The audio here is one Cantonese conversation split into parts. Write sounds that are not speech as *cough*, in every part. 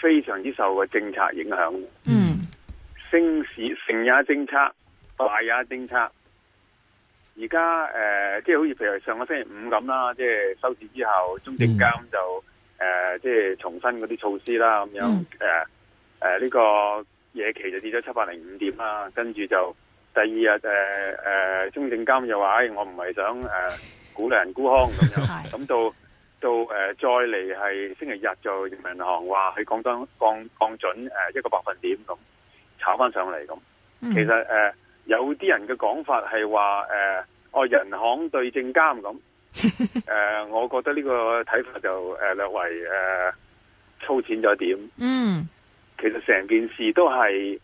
非常之受個政策影響，嗯，升市成也政策，壞也政策。而家誒，即係好似譬如上個星期五咁啦，即係收市之後，中證監就誒、嗯呃，即係重申嗰啲措施啦，咁樣誒誒，呢、嗯呃這個夜期就跌咗七百零五點啦，跟住就第二日誒誒，中證監又話：，我唔係想誒鼓勵人沽空咁樣，咁到。 *laughs* 到誒、呃，再嚟係星期日就人民銀行話去降增降降準誒、呃，一個百分點咁炒翻上嚟咁。其實誒、呃，有啲人嘅講法係話誒，我、呃哦、人行對證監咁。誒、呃，我覺得呢個睇法就誒、呃、略為誒、呃、粗淺咗點。嗯，其實成件事都係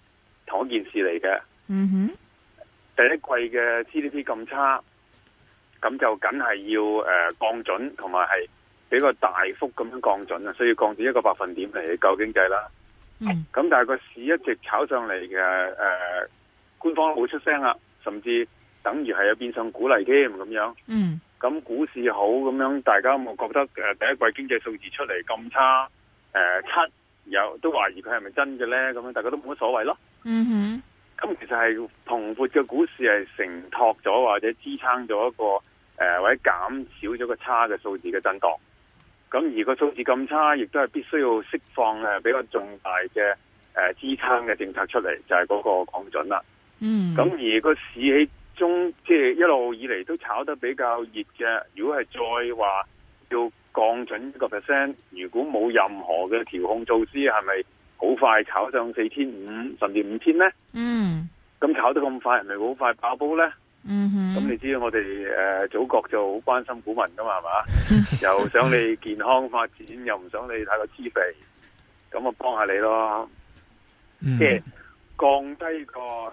同一件事嚟嘅。嗯哼，第一季嘅 GDP 咁差，咁就梗係要誒、呃、降準，同埋係。比較大幅咁樣降準啊，需要降至一個百分點嚟去、就是、救經濟啦。嗯，咁但係個市一直炒上嚟嘅，誒、呃，官方冇出聲啊，甚至等於係有變相鼓勵添咁樣。嗯，咁股市好咁樣，大家冇覺得誒第一季經濟數字出嚟咁差，誒、呃、七又都懷疑佢係咪真嘅咧？咁樣大家都冇乜所謂咯。嗯哼，咁其實係蓬勃嘅股市係承托咗或者支撐咗一個誒、呃、或者減少咗個差嘅數字嘅震蕩。咁而個數字咁差，亦都係必須要釋放誒比較重大嘅誒、呃、支撐嘅政策出嚟，就係、是、嗰個降準啦。嗯，咁而個市氣中，即係一路以嚟都炒得比較熱嘅。如果係再話要降準一個 percent，如果冇任何嘅調控措施，係咪好快炒上四千五甚至五千咧？嗯，咁炒得咁快，係咪好快爆煲咧？Mm hmm. 嗯哼，咁你知道我哋誒祖國就好關心股民噶嘛，係嘛？ *laughs* 又想你健康發展，又唔想你太過自肥，咁我幫下你咯。即係、mm hmm. 降低個誒誒、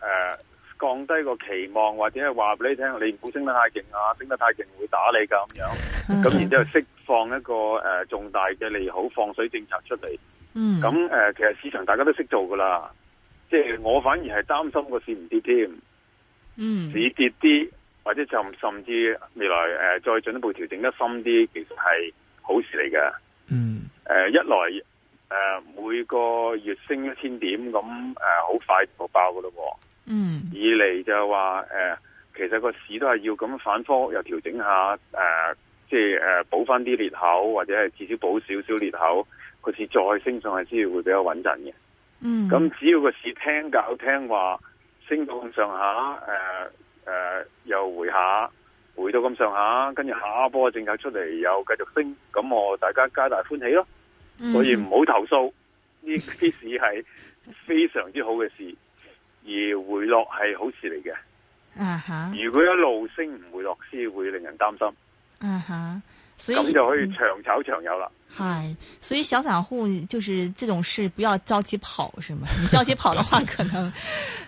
呃，降低個期望，或者係話俾你聽，你唔好升得太勁啊，升得太勁會打你噶咁樣。咁、mm hmm. 然之後釋放一個誒、呃、重大嘅利好放水政策出嚟。嗯、mm。咁、hmm. 誒、呃，其實市場大家都識做噶啦，即係我反而係擔心個市唔跌添。嗯，止跌啲或者甚甚至未來誒、呃、再進一步調整得深啲，其實係好事嚟嘅。嗯，誒、呃、一來誒、呃、每個月升一千點咁誒好快就爆噶咯。嗯，二嚟就話誒、呃、其實個市都係要咁反覆又調整下誒、呃，即係誒補翻啲裂口或者係至少補少少裂口，個市再升上去先會比較穩陣嘅。嗯，咁只要個市聽教聽話。升到咁上下，誒、呃、誒、呃、又回下，回到咁上下，跟住下一波政策出嚟又繼續升，咁我大家皆大歡喜咯。所以唔好投訴，呢啲、嗯、事係非常之好嘅事， *laughs* 而回落係好事嚟嘅。啊哈如果一路升唔回落，先會令人擔心。啊哈所以咁就可以長炒長有啦。係、嗯，所以小散戶就是這種事不要着急跑，是嗎？你着急跑的話，可能。 *laughs*